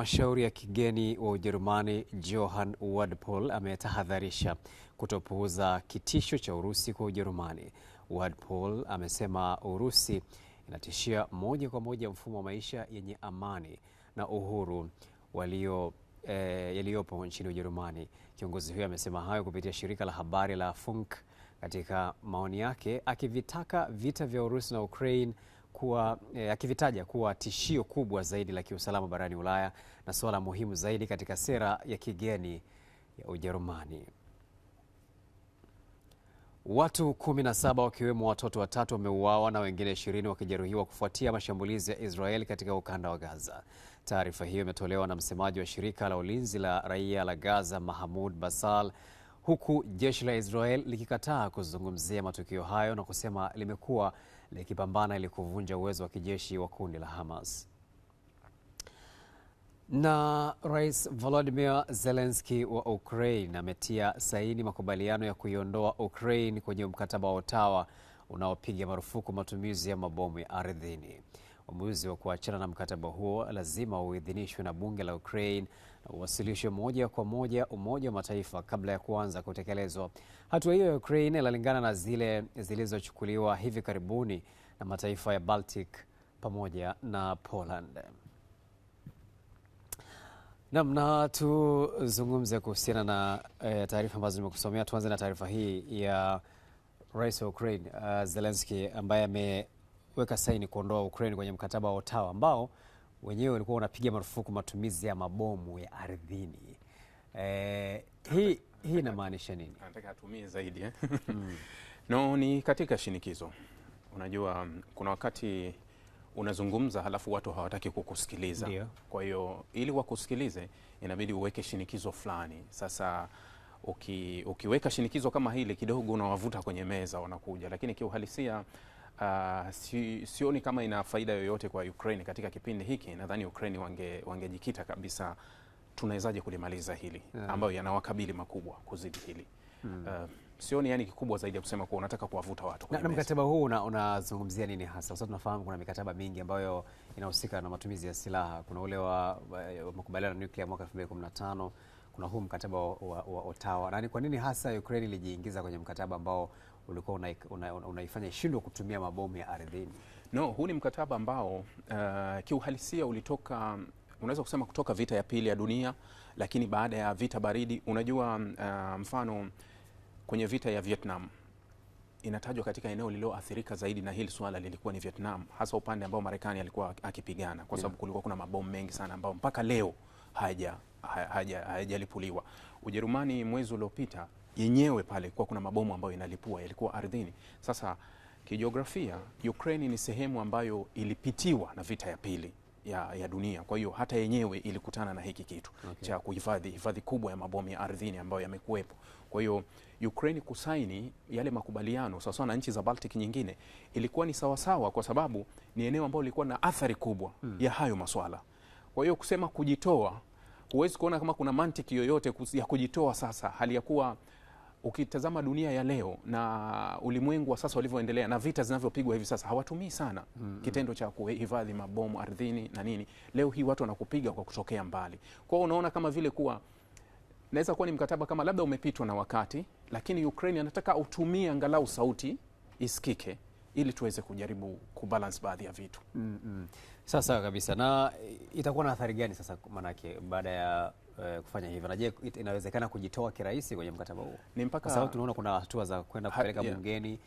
Mashauri ya kigeni wa Ujerumani Johann Wadpol ametahadharisha kutopuuza kitisho cha Urusi kwa Ujerumani. Wadpol amesema Urusi inatishia moja kwa moja mfumo wa maisha yenye amani na uhuru walio e, yaliyopo nchini Ujerumani. Kiongozi huyo amesema hayo kupitia shirika la habari la Funk katika maoni yake akivitaka vita vya Urusi na Ukraine kuwa eh, akivitaja kuwa tishio kubwa zaidi la kiusalama barani Ulaya na suala muhimu zaidi katika sera ya kigeni ya Ujerumani. Watu 17 wakiwemo watoto watatu wameuawa na wengine 20 wakijeruhiwa kufuatia mashambulizi ya Israel katika ukanda wa Gaza. Taarifa hiyo imetolewa na msemaji wa shirika la ulinzi la raia la Gaza, mahamud Basal, huku jeshi la Israel likikataa kuzungumzia matukio hayo na kusema limekuwa likipambana ili kuvunja uwezo wa kijeshi wa kundi la Hamas. Na Rais Volodymyr Zelensky wa Ukraine ametia saini makubaliano ya kuiondoa Ukraine kwenye mkataba wa Ottawa unaopiga marufuku matumizi ya mabomu ya ardhini. Uamuzi wa kuachana na mkataba huo lazima uidhinishwe na bunge la Ukraine na uwasilishwe moja kwa moja Umoja wa Mataifa kabla ya kuanza kutekelezwa. Hatua hiyo ya Ukraine inalingana na zile zilizochukuliwa hivi karibuni na mataifa ya Baltic pamoja na Poland. Naam, na tuzungumze kuhusiana na e, taarifa ambazo nimekusomea. Tuanze na taarifa hii ya rais wa Ukraine uh, Zelensky ambaye ame kuweka saini kuondoa Ukraine kwenye mkataba wa Ottawa ambao wenyewe walikuwa unapiga marufuku matumizi ya mabomu ya ardhini. Eh, hii hii inamaanisha nini? Anataka atumie zaidi eh? mm. No, ni katika shinikizo. Unajua kuna wakati unazungumza halafu watu hawataki kukusikiliza. Ndiyo. Kwa hiyo ili wakusikilize inabidi uweke shinikizo fulani. Sasa uki, ukiweka shinikizo kama hili kidogo unawavuta kwenye meza wanakuja, lakini kiuhalisia Uh, si, sioni kama ina faida yoyote kwa Ukraine katika kipindi hiki. Nadhani Ukraine wange wangejikita kabisa, tunawezaje kulimaliza hili yeah, ambayo yanawakabili makubwa kuzidi hili mm. Uh, sioni yani kikubwa zaidi ya kusema kuwa unataka kuwavuta watu na, na mkataba huu unazungumzia una nini hasa, kwa sababu tunafahamu kuna mikataba mingi ambayo inahusika na matumizi ya silaha. Kuna ule wa makubaliano ya nuclear mwaka 2015 kuna huu mkataba wa Ottawa, na ni kwa nini hasa Ukraine ilijiingiza kwenye mkataba ambao ulikuwa unaifanya una, una, una kutumia mabomu ya ardhini? No, huu ni mkataba ambao uh, kiuhalisia ulitoka unaweza kusema kutoka vita ya pili ya dunia, lakini baada ya vita baridi. Unajua um, uh, mfano kwenye vita ya Vietnam inatajwa katika eneo lililoathirika zaidi na hili swala lilikuwa ni Vietnam, hasa upande ambao Marekani alikuwa akipigana, kwa sababu kulikuwa kuna mabomu mengi sana ambayo mpaka leo haja hayajalipuliwa. Ujerumani mwezi uliopita yenyewe pale ilikuwa kuna mabomu ambayo inalipua yalikuwa ardhini. Sasa kijiografia, Ukraine ni sehemu ambayo ilipitiwa na vita ya pili ya, ya dunia. Kwa hiyo hata yenyewe ilikutana na hiki kitu okay, cha kuhifadhi hifadhi kubwa ya mabomu ya ardhini ambayo yamekuwepo. Kwa hiyo Ukraine kusaini yale makubaliano sawasawa na nchi za Baltic nyingine ilikuwa ni sawasawa, kwa sababu ni eneo ambalo lilikuwa na athari kubwa hmm, ya hayo maswala. Kwa hiyo kusema kujitoa, huwezi kuona kama kuna mantiki yoyote ya kujitoa sasa hali ya kuwa ukitazama dunia ya leo na ulimwengu wa sasa ulivyoendelea na vita zinavyopigwa hivi sasa, hawatumii sana mm -hmm. kitendo cha kuhifadhi mabomu ardhini na nini. Leo hii watu wanakupiga kwa kutokea mbali. Kwa hiyo unaona kama vile kuwa naweza kuwa ni mkataba kama labda umepitwa na wakati, lakini Ukraine anataka utumie angalau sauti isikike ili tuweze kujaribu kubalance baadhi ya vitu mm -hmm. Sasa kabisa, na itakuwa na athari gani sasa, manake baada ya eh, kufanya hivyo. Na je, inawezekana kujitoa kirahisi kwenye mkataba huu? Ni mpaka sababu tunaona kuna hatua za kwenda kupeleka yeah, bungeni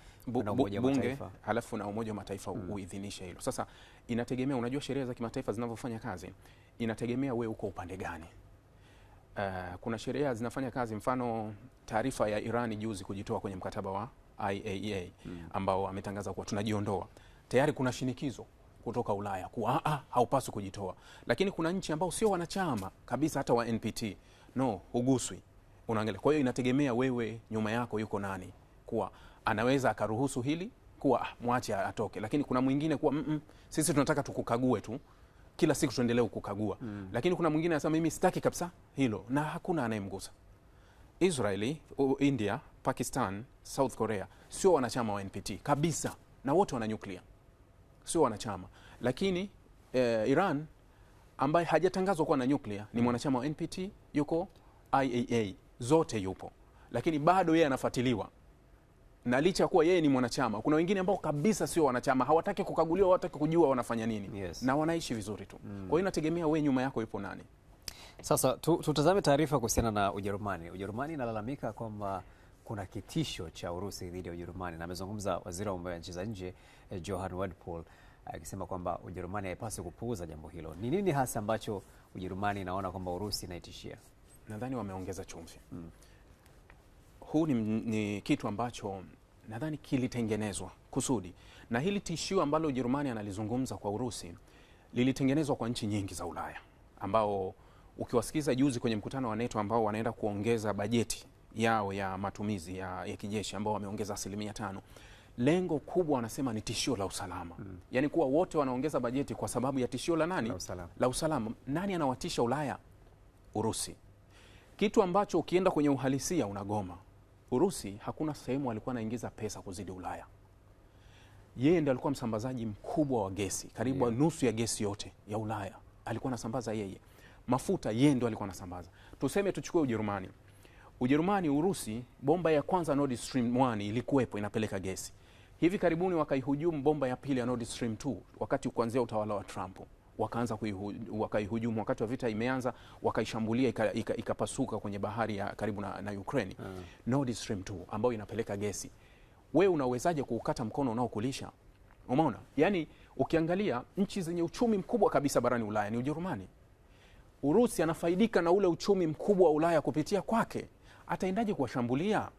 na Umoja wa Mataifa, halafu na Umoja wa Mataifa mm, uidhinishe hilo. Sasa inategemea, unajua sheria za kimataifa zinavyofanya kazi, inategemea we uko upande gani. Uh, kuna sheria zinafanya kazi, mfano taarifa ya Irani juzi kujitoa kwenye mkataba wa IAEA e mm. ambao ametangaza kuwa tunajiondoa, tayari kuna shinikizo kutoka Ulaya kuwa ah, ah, haupaswi kujitoa, lakini kuna nchi ambao sio wanachama kabisa hata wa NPT, no, huguswi, unaangalia. Kwa hiyo inategemea wewe, nyuma yako yuko nani, kuwa anaweza akaruhusu hili kuwa ah, mwache atoke, lakini kuna mwingine kuwa mm -mm, sisi tunataka tukukague tu kila siku tuendelee kukagua mm. Lakini kuna mwingine anasema mimi sitaki kabisa hilo, na hakuna anayemgusa. Israeli, India, Pakistan, South Korea sio wanachama wa NPT kabisa, na wote wana nyuklia sio wanachama, lakini eh, Iran ambaye hajatangazwa kuwa na nyuklia ni mm. mwanachama wa NPT, yuko iaa zote yupo, lakini bado yeye anafuatiliwa na licha ya kuwa yeye ni mwanachama, kuna wengine ambao kabisa sio wanachama, hawataki kukaguliwa, hawataki kujua wanafanya nini. Yes. na wanaishi vizuri tu mm. Kwa hiyo inategemea we nyuma yako yupo nani. Sasa tutazame taarifa kuhusiana na Ujerumani. Ujerumani inalalamika kwamba kuna kitisho cha Urusi dhidi ya Ujerumani, na amezungumza waziri wa mambo ya nchi za nje eh, Johan Wedpol akisema kwamba Ujerumani haipaswi kupuuza jambo hilo. Ni nini hasa ambacho Ujerumani inaona kwamba Urusi inaitishia? Nadhani wameongeza chumvi mm. Huu ni, ni kitu ambacho nadhani kilitengenezwa kusudi, na hili tishio ambalo Ujerumani analizungumza kwa Urusi lilitengenezwa kwa nchi nyingi za Ulaya ambao ukiwasikiza juzi kwenye mkutano wa NATO ambao wanaenda kuongeza bajeti yao ya matumizi ya, ya kijeshi ambao wameongeza asilimia tano. Lengo kubwa wanasema ni tishio la usalama mm. Yaani kuwa wote wanaongeza bajeti kwa sababu ya tishio la nani, la usalama, la usalama. Nani anawatisha Ulaya? Urusi, kitu ambacho ukienda kwenye uhalisia unagoma. Urusi hakuna sehemu alikuwa anaingiza pesa kuzidi Ulaya. Yeye ndiye alikuwa msambazaji mkubwa wa gesi karibu yeah. nusu ya gesi yote ya Ulaya alikuwa anasambaza yeye. Mafuta yeye ndio alikuwa anasambaza. Tuseme tuchukue Ujerumani Ujerumani, Urusi, bomba ya kwanza Nord Stream 1 ilikuwepo inapeleka gesi. Hivi karibuni wakaihujumu bomba ya pili ya Nord Stream 2 wakati kuanzia utawala wa Trump wakaanza wakaihujumu wakati wa vita imeanza, wakaishambulia ikapasuka, ika, ika kwenye bahari ya karibu na, na Ukraine hmm. Nord Stream 2 ambayo inapeleka gesi, we unawezaje kuukata mkono unaokulisha? Umeona, yaani ukiangalia nchi zenye uchumi mkubwa kabisa barani Ulaya ni Ujerumani. Urusi anafaidika na ule uchumi mkubwa wa Ulaya kupitia kwake ataendaje kuwashambulia?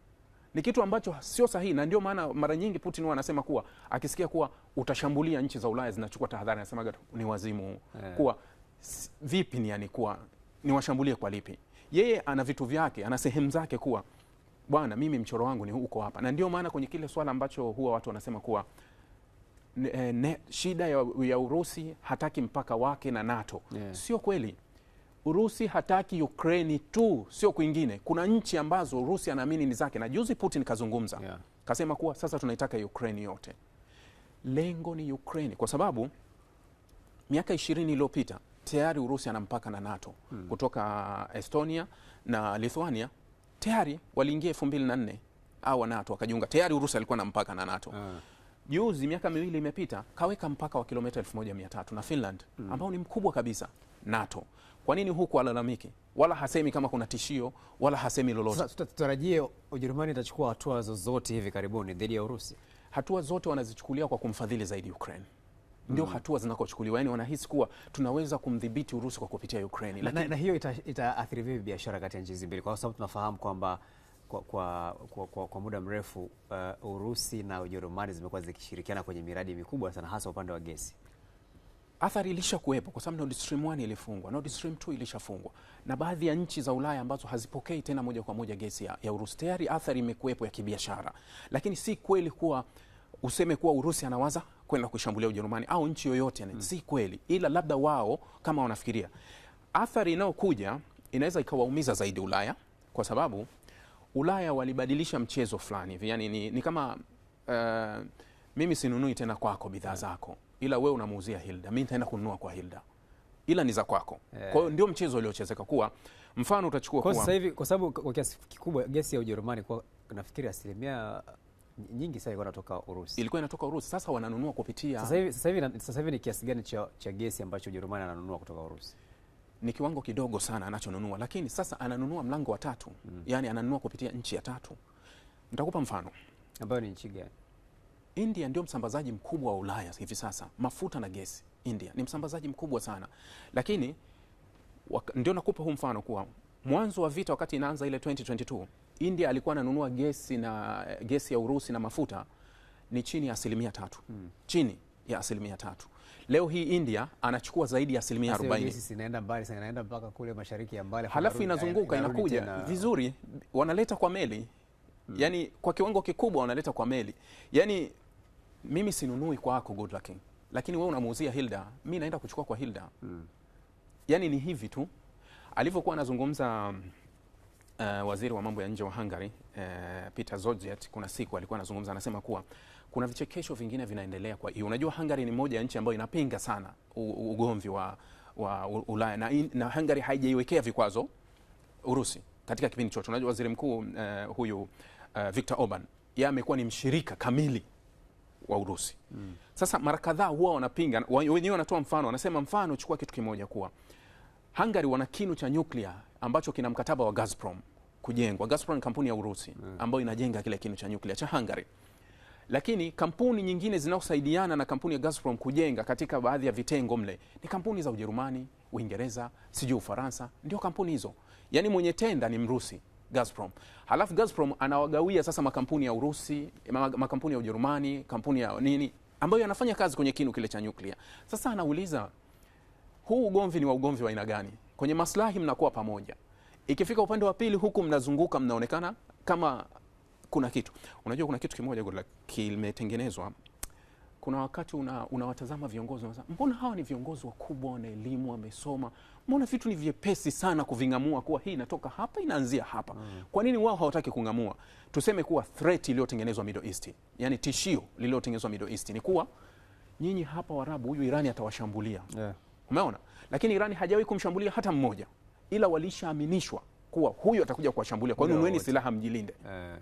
Ni kitu ambacho sio sahihi, na ndio maana mara nyingi Putin anasema kuwa akisikia kuwa utashambulia nchi za Ulaya zinachukua tahadhari, anasemaga ni wazimu yeah. kuwa vipi ni yani kuwa niwashambulie kwa lipi? Yeye ana vitu vyake, ana sehemu zake kuwa bwana, mimi mchoro wangu ni huko hapa, na ndio maana kwenye kile swala ambacho huwa watu wanasema kuwa ne, ne, shida ya, ya Urusi hataki mpaka wake na NATO yeah. Sio kweli. Urusi hataki Ukraini tu, sio kwingine. Kuna nchi ambazo Urusi anaamini ni zake, na juzi Putin kazungumza yeah. Kasema kuwa sasa tunaitaka Ukraini yote, lengo ni Ukraini kwa sababu miaka ishirini iliyopita tayari Urusi ana mpaka na NATO hmm. Kutoka Estonia na Lithuania tayari waliingia elfu mbili na nne au NATO wakajiunga tayari. Urusi alikuwa na mpaka na NATO hmm. Juzi miaka miwili imepita kaweka mpaka wa kilomita tatu na Finland hmm. ambao ni mkubwa kabisa NATO kwa nini huku alalamiki wala hasemi kama kuna tishio wala hasemi lolote? Tutarajie Ujerumani itachukua hatua zozote hivi karibuni dhidi ya Urusi. Hatua zote wanazichukulia kwa kumfadhili zaidi Ukraine ndio hmm, hatua zinakochukuliwa. Yani wanahisi kuwa tunaweza kumdhibiti Urusi kwa kupitia Ukraine na, na hiyo itaathiri ita vipi biashara kati ya nchi hizi mbili, kwa sababu tunafahamu kwamba kwa, kwa, kwa, kwa, kwa muda mrefu uh, Urusi na Ujerumani zimekuwa zikishirikiana kwenye miradi mikubwa sana hasa upande wa gesi athari ilishakuwepo kwa sababu Nord Stream 1 ilifungwa, Nord Stream 2 ilishafungwa, na baadhi ya nchi za Ulaya ambazo hazipokei tena moja kwa moja gesi ya, ya Urusi tayari athari imekuwepo ya kibiashara, lakini si kweli kuwa useme kuwa Urusi anawaza kwenda kushambulia Ujerumani au nchi yoyote mm. Si kweli, ila labda wao kama wanafikiria athari inayokuja inaweza ikawaumiza zaidi Ulaya kwa sababu Ulaya walibadilisha mchezo fulani hivi, yani ni, ni kama uh, mimi sinunui tena kwako bidhaa hmm. zako ila wewe unamuuzia Hilda, mimi nitaenda kununua kwa Hilda, ila ni za kwako yeah. Kwa hiyo ndio mchezo uliochezeka kuwa mfano utachukua kwa sasa hivi, kwa sababu kwa kiasi kikubwa gesi ya Ujerumani kwa nafikiri asilimia nyingi sasa ilikuwa inatoka Urusi, ilikuwa inatoka Urusi, sasa wananunua kupitia. Sasa hivi sasa hivi sasa hivi ni kiasi gani cha, cha gesi ambacho Ujerumani ananunua kutoka Urusi? Ni kiwango kidogo sana anachonunua, lakini sasa ananunua mlango wa tatu mm. Yani ananunua kupitia nchi ya tatu. Nitakupa mfano ambayo ni nchi gani? India ndio msambazaji mkubwa wa Ulaya hivi sasa, mafuta na gesi. India ni msambazaji mkubwa sana, lakini ndio nakupa huu mfano kuwa mwanzo wa vita, wakati inaanza ile 2022 India alikuwa ananunua gesi na gesi ya Urusi na mafuta ni chini ya asilimia tatu hmm. chini ya asilimia tatu. Leo hii India anachukua zaidi ya asilimia 40. Inaenda mbali sana, inaenda mpaka kule mashariki ya mbali, halafu inazunguka inakuja tena... vizuri, wanaleta kwa meli hmm. yani, kwa kiwango kikubwa wanaleta kwa meli yani mimi sinunui kwako Good Luck, lakini wewe unamuuzia Hilda, mi naenda kuchukua kwa Hilda mm. Yaani ni hivi tu alivyokuwa anazungumza uh, waziri wa mambo ya nje wa Hungary uh, Peter zojet kuna siku alikuwa anazungumza anasema kuwa kuna vichekesho vingine vinaendelea. Kwa hiyo unajua, Hungary ni moja ya nchi ambayo inapinga sana ugomvi wa, wa Ulaya na, na Hungary haijaiwekea vikwazo Urusi katika kipindi chote. Unajua waziri mkuu uh, huyu uh, Viktor oban yeye amekuwa ni mshirika kamili wa Urusi mm. Sasa mara kadhaa huwa wanapinga wenyewe, wanatoa mfano, wanasema mfano, chukua kitu kimoja kuwa Hungary wana kinu cha nyuklia ambacho kina mkataba wa Gazprom kujengwa. Gazprom ni kampuni ya Urusi hmm. ambayo inajenga kile kinu cha nyuklia cha Hungary, lakini kampuni nyingine zinazosaidiana na kampuni ya Gazprom kujenga katika baadhi ya vitengo mle ni kampuni za Ujerumani, Uingereza, sijui Ufaransa, ndio kampuni hizo. Yaani mwenye tenda ni Mrusi. Gazprom. Halafu Gazprom anawagawia sasa makampuni ya Urusi, makampuni ya Ujerumani, kampuni ya nini ambayo yanafanya kazi kwenye kinu kile cha nyuklia. Sasa anauliza huu ugomvi ni wa ugomvi wa aina gani? Kwenye maslahi mnakuwa pamoja, ikifika upande wa pili huku mnazunguka, mnaonekana kama kuna kitu. Unajua kuna kitu kimoja kimetengenezwa kuna wakati unawatazama una viongozi unasema, mbona hawa ni viongozi wakubwa, wana elimu, wamesoma, mbona vitu ni vyepesi sana kuving'amua, kuwa hii inatoka hapa inaanzia hapa mm. Kwa nini wao hawataki kung'amua? Tuseme kuwa threat iliyotengenezwa Middle East, yani tishio lililotengenezwa Middle East ni kuwa nyinyi hapa Waarabu, huyu Irani atawashambulia yeah. Umeona, lakini Irani hajawahi kumshambulia hata mmoja, ila walishaaminishwa kuwa huyu atakuja kuwashambulia, kwa hiyo nunueni silaha mjilinde yeah.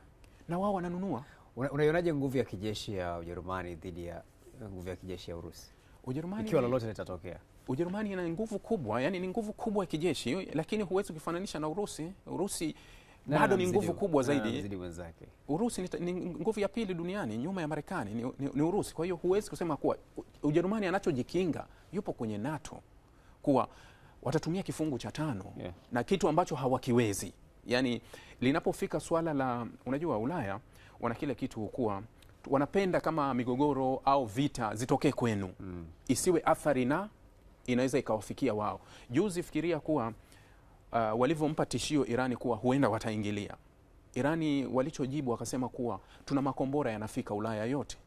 Na wao wananunua. Unaionaje nguvu ya kijeshi ya Ujerumani dhidi ya nguvu ya kijeshi ya Urusi Ujerumani, ikiwa lolote litatokea. Ujerumani ina nguvu kubwa, yani ni nguvu kubwa ya kijeshi, lakini huwezi kufananisha na Urusi. Urusi bado ni nguvu kubwa zaidi wenzake. Urusi ni nguvu ya pili duniani nyuma ya Marekani ni, ni, ni Urusi. Kwa hiyo huwezi kusema kuwa Ujerumani anachojikinga yupo kwenye NATO kuwa watatumia kifungu cha tano yeah, na kitu ambacho hawakiwezi. Yani linapofika swala la unajua Ulaya wana kile kitu kuwa wanapenda kama migogoro au vita zitokee kwenu mm. isiwe athari na inaweza ikawafikia wao. Juzi fikiria kuwa uh, walivyompa tishio Irani kuwa huenda wataingilia Irani, walichojibu wakasema kuwa tuna makombora yanafika Ulaya yote.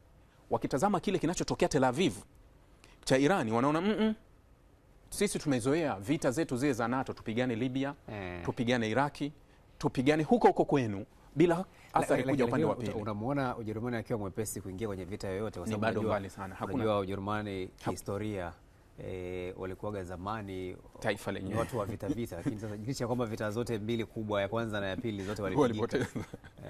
Wakitazama kile kinachotokea Tel Aviv cha Irani wanaona mm -mm. Sisi tumezoea vita zetu zile za NATO, tupigane Libya eh, tupigane Iraki, tupigane huko huko kwenu bila hasa alikuja upande wa pili. Unamwona Ujerumani akiwa mwepesi kuingia kwenye vita yoyote, kwa sababu bado mbali sana. Hakuna Ujerumani kihistoria E, walikuwaga zamani taifa lenye watu wa vita vita, lakini sasa licha kwamba vita zote mbili kubwa, ya kwanza na ya pili, zote walipoteza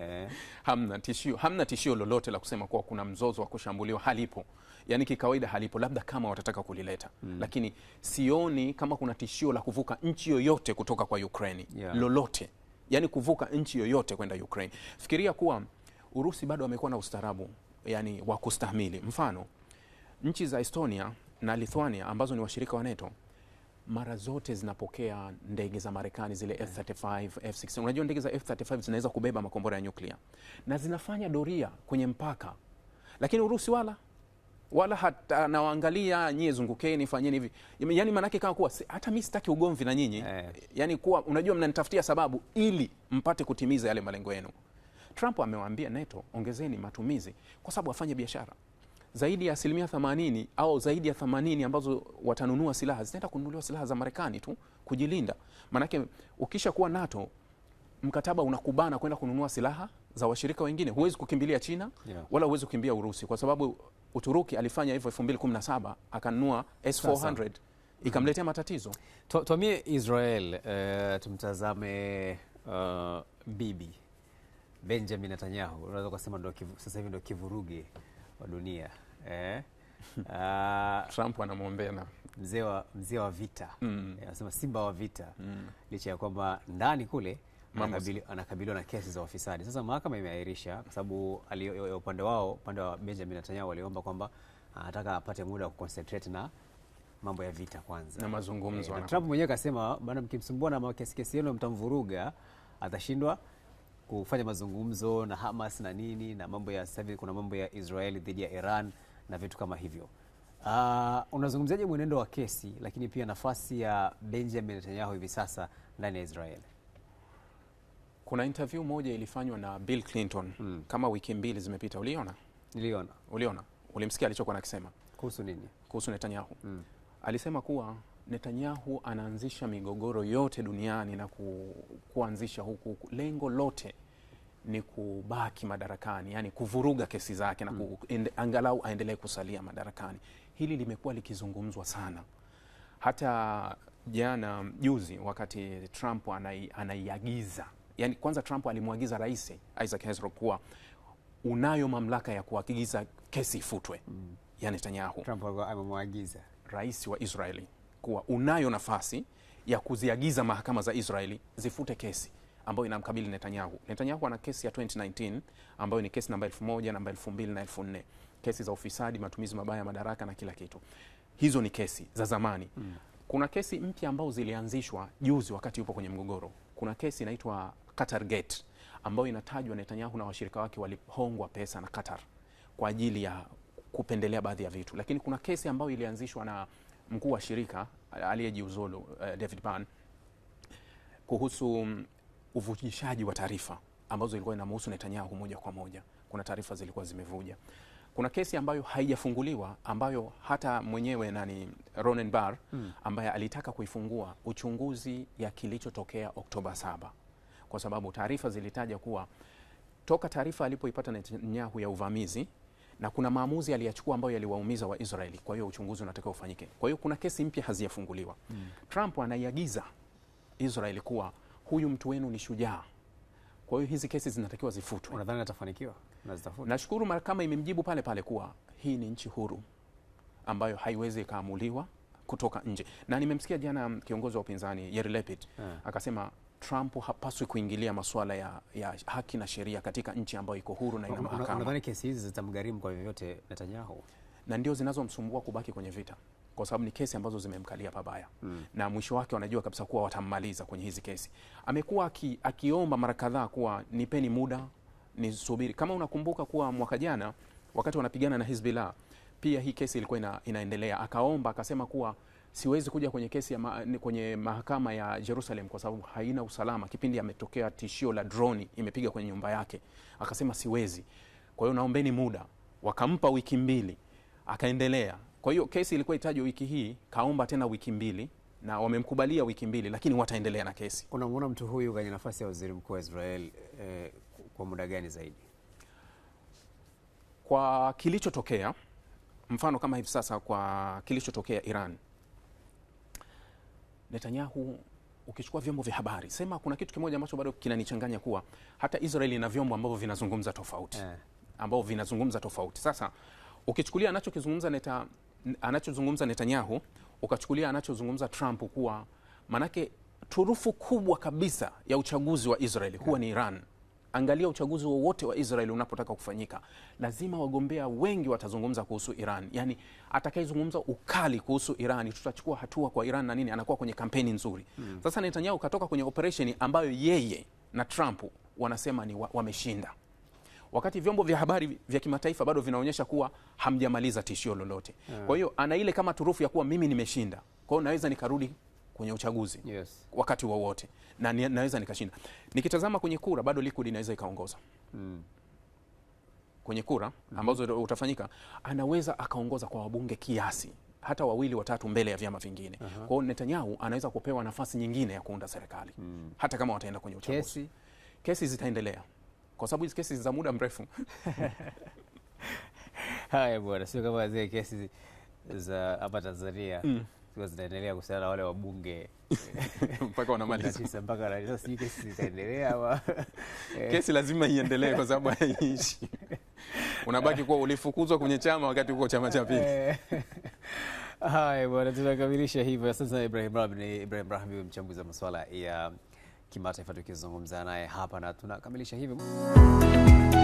e. Hamna tishio, hamna tishio lolote la kusema kuwa kuna mzozo wa kushambuliwa, halipo yani kikawaida halipo, labda kama watataka kulileta mm. Lakini sioni kama kuna tishio la kuvuka nchi yoyote kutoka kwa Ukraine yeah. lolote yani kuvuka nchi yoyote kwenda Ukraine. Fikiria kuwa Urusi bado wamekuwa na ustaarabu yani wa kustahimili. Mfano nchi za Estonia na Lithuania ambazo ni washirika wa NATO mara zote zinapokea ndege za Marekani zile F35, mm. F16. Unajua ndege za F35 zinaweza kubeba makombora ya nyuklia na zinafanya doria kwenye mpaka, lakini Urusi wala wala hata nawaangalia nyie, zungukeni, fanyeni hivi, yani maanake kama kuwa hata mimi sitaki ugomvi na nyinyi eh. Yani kuwa unajua mnanitafutia sababu ili mpate kutimiza yale malengo yenu. Trump amewaambia NATO ongezeni matumizi kwa sababu afanye biashara zaidi ya asilimia themanini au zaidi ya themanini ambazo watanunua silaha zitaenda kununuliwa silaha za Marekani tu kujilinda. Maanake ukisha kuwa NATO, mkataba unakubana kwenda kununua silaha za washirika wengine. Huwezi kukimbilia China yeah. wala huwezi kukimbia Urusi kwa sababu Uturuki alifanya hivyo 2017 akanunua S400 ikamletea matatizo. Tuamie Israel uh, tumtazame uh, bibi Benjamin Netanyahu, unaweza kusema sasa hivi ndo kivuruge wa dunia eh? Uh, Trump anamwombea na mzee wa mzee wa vita mm. Eh, simba wa vita mm. licha ya kwamba ndani kule anakabiliwa na kesi za ufisadi. Sasa mahakama imeahirisha kwa sababu upande wao, upande wa Benjamin Netanyahu waliomba kwamba ah, anataka apate muda wa kuconcentrate na mambo ya vita kwanza na mazungumzo. E, na Trump mwenyewe akasema bana, mkimsumbua na kesi kesi yenu mtamvuruga, atashindwa kufanya mazungumzo na Hamas na nini na mambo ya sasa hivi kuna mambo ya Israeli dhidi ya Iran na vitu kama hivyo. Uh, unazungumziaje mwenendo wa kesi lakini pia nafasi ya Benjamin Netanyahu hivi sasa ndani ya Israeli? Kuna interview moja ilifanywa na Bill Clinton mm. kama wiki mbili zimepita, uliona? Niliona. Uliona? Ulimsikia alichokuwa nakisema kuhusu nini? Kuhusu Netanyahu mm. alisema kuwa Netanyahu anaanzisha migogoro yote duniani na ku, kuanzisha huku, lengo lote ni kubaki madarakani, yani kuvuruga kesi zake na mm. angalau aendelee kusalia madarakani. Hili limekuwa likizungumzwa sana hata jana juzi, wakati Trump anaiagiza anai yani, kwanza Trump alimwagiza rais Isaac Herzog kuwa unayo mamlaka ya kuagiza kesi ifutwe mm. ya Netanyahu. Trump amemwagiza rais wa Israeli kuwa unayo nafasi ya kuziagiza mahakama za Israeli zifute kesi ambayo inamkabili Netanyahu. Netanyahu ana kesi ya 2019 ambayo ni kesi namba 1000, namba 2000 na 4000, kesi za ufisadi, matumizi mabaya ya madaraka na kila kitu. Hizo ni kesi za zamani mm. Kuna kesi mpya ambazo zilianzishwa juzi wakati yupo kwenye mgogoro. Kuna kesi inaitwa Qatar Gate ambayo inatajwa Netanyahu na washirika wake walihongwa pesa na Qatar kwa ajili ya kupendelea baadhi ya vitu, lakini kuna kesi ambayo ilianzishwa na mkuu wa shirika aliyejiuzulu uh, David Ban kuhusu mm, uvujishaji wa taarifa ambazo ilikuwa inamhusu Netanyahu moja kwa moja. Kuna taarifa zilikuwa zimevuja. Kuna kesi ambayo haijafunguliwa ambayo hata mwenyewe nani Ronen Bar hmm. ambaye alitaka kuifungua uchunguzi ya kilichotokea Oktoba saba kwa sababu taarifa zilitaja kuwa toka taarifa alipoipata Netanyahu ya uvamizi na kuna maamuzi aliyachukua ambayo yaliwaumiza Waisraeli, kwa hiyo uchunguzi unatakiwa ufanyike. Kwa hiyo kuna kesi mpya hazijafunguliwa. Mm. Trump anaiagiza Israeli kuwa huyu mtu wenu ni shujaa, kwa hiyo hizi kesi zinatakiwa zifutwe. Unadhani atafanikiwa? na Nashukuru mahakama imemjibu pale pale kuwa hii ni nchi huru ambayo haiwezi ikaamuliwa kutoka nje, na nimemsikia jana kiongozi wa upinzani Yair Lapid yeah, hmm. akasema Trump hapaswi kuingilia masuala ya, ya haki na sheria katika nchi ambayo iko huru na ina mahakama. Unadhani kesi hizi zitamgharimu kwa vyovyote Netanyahu? Na ndio zinazomsumbua kubaki kwenye vita kwa sababu ni kesi ambazo zimemkalia pabaya mm. Na mwisho wake wanajua kabisa kuwa watammaliza kwenye hizi kesi. Amekuwa aki, akiomba mara kadhaa kuwa nipeni muda nisubiri. Kama unakumbuka kuwa mwaka jana wakati wanapigana na Hizbullah pia hii kesi ilikuwa ina, inaendelea, akaomba akasema kuwa siwezi kuja kwenye kesi ya ma, kwenye mahakama ya Jerusalem kwa sababu haina usalama. Kipindi ametokea tishio la droni imepiga kwenye nyumba yake, akasema siwezi, kwa hiyo naombeni muda. Wakampa wiki mbili, akaendelea. Kwa hiyo kesi ilikuwa itajwa wiki hii, kaomba tena wiki mbili na wamemkubalia wiki mbili, lakini wataendelea na kesi. Unamwona mtu huyu kwenye nafasi ya waziri mkuu wa Israel eh, kwa muda gani zaidi? Kwa kilichotokea, mfano kama hivi sasa, kwa kilichotokea Iran Netanyahu ukichukua vyombo vya habari sema, kuna kitu kimoja ambacho bado kinanichanganya kuwa hata Israel ina vyombo ambavyo vinazungumza tofauti eh, ambao vinazungumza tofauti. Sasa ukichukulia anachokizungumza Neta, anachozungumza Netanyahu ukachukulia anachozungumza Trump kuwa, manake turufu kubwa kabisa ya uchaguzi wa Israel huwa eh. ni Iran. Angalia uchaguzi wowote wa, Israel unapotaka kufanyika, lazima wagombea wengi watazungumza kuhusu Iran. Yani atakayezungumza ukali kuhusu Iran, tutachukua hatua kwa Iran na nini, anakuwa kwenye kampeni nzuri mm. Sasa Netanyahu katoka kwenye operesheni ambayo yeye na Trump wanasema ni wameshinda wakati vyombo vya habari vya kimataifa bado vinaonyesha kuwa hamjamaliza tishio lolote yeah. Hmm. Kwa hiyo ana ile kama turufu ya kuwa mimi nimeshinda, kwa hiyo naweza nikarudi kwenye uchaguzi yes. wakati wowote na naweza nikashinda. Nikitazama kwenye kura bado Likud inaweza ikaongoza mm. kwenye kura hmm. ambazo mm. utafanyika, anaweza akaongoza kwa wabunge kiasi hata wawili watatu mbele ya vyama vingine. Kwa hiyo Netanyahu anaweza kupewa nafasi nyingine ya kuunda serikali mm. hata kama wataenda kwenye uchaguzi. Kesi, kesi zitaendelea kwa sababu hizi kesi za muda mrefu haya bwana, sio kama zile kesi za hapa Tanzania mm zikiwa zinaendelea kuhusiana na wale wabunge mpaka wanamaliza mpaka wanamaliza, sijui kesi zitaendelea ama kesi lazima iendelee kwa sababu haiishi. Unabaki kuwa ulifukuzwa kwenye chama wakati uko chama cha pili. Haya bwana, tunakamilisha hivyo. Asante sana Ibrahim Rahbi. Ni Ibrahim Rahbi, mchambuzi wa masuala ya kimataifa, tukizungumza naye hapa na tunakamilisha hivyo.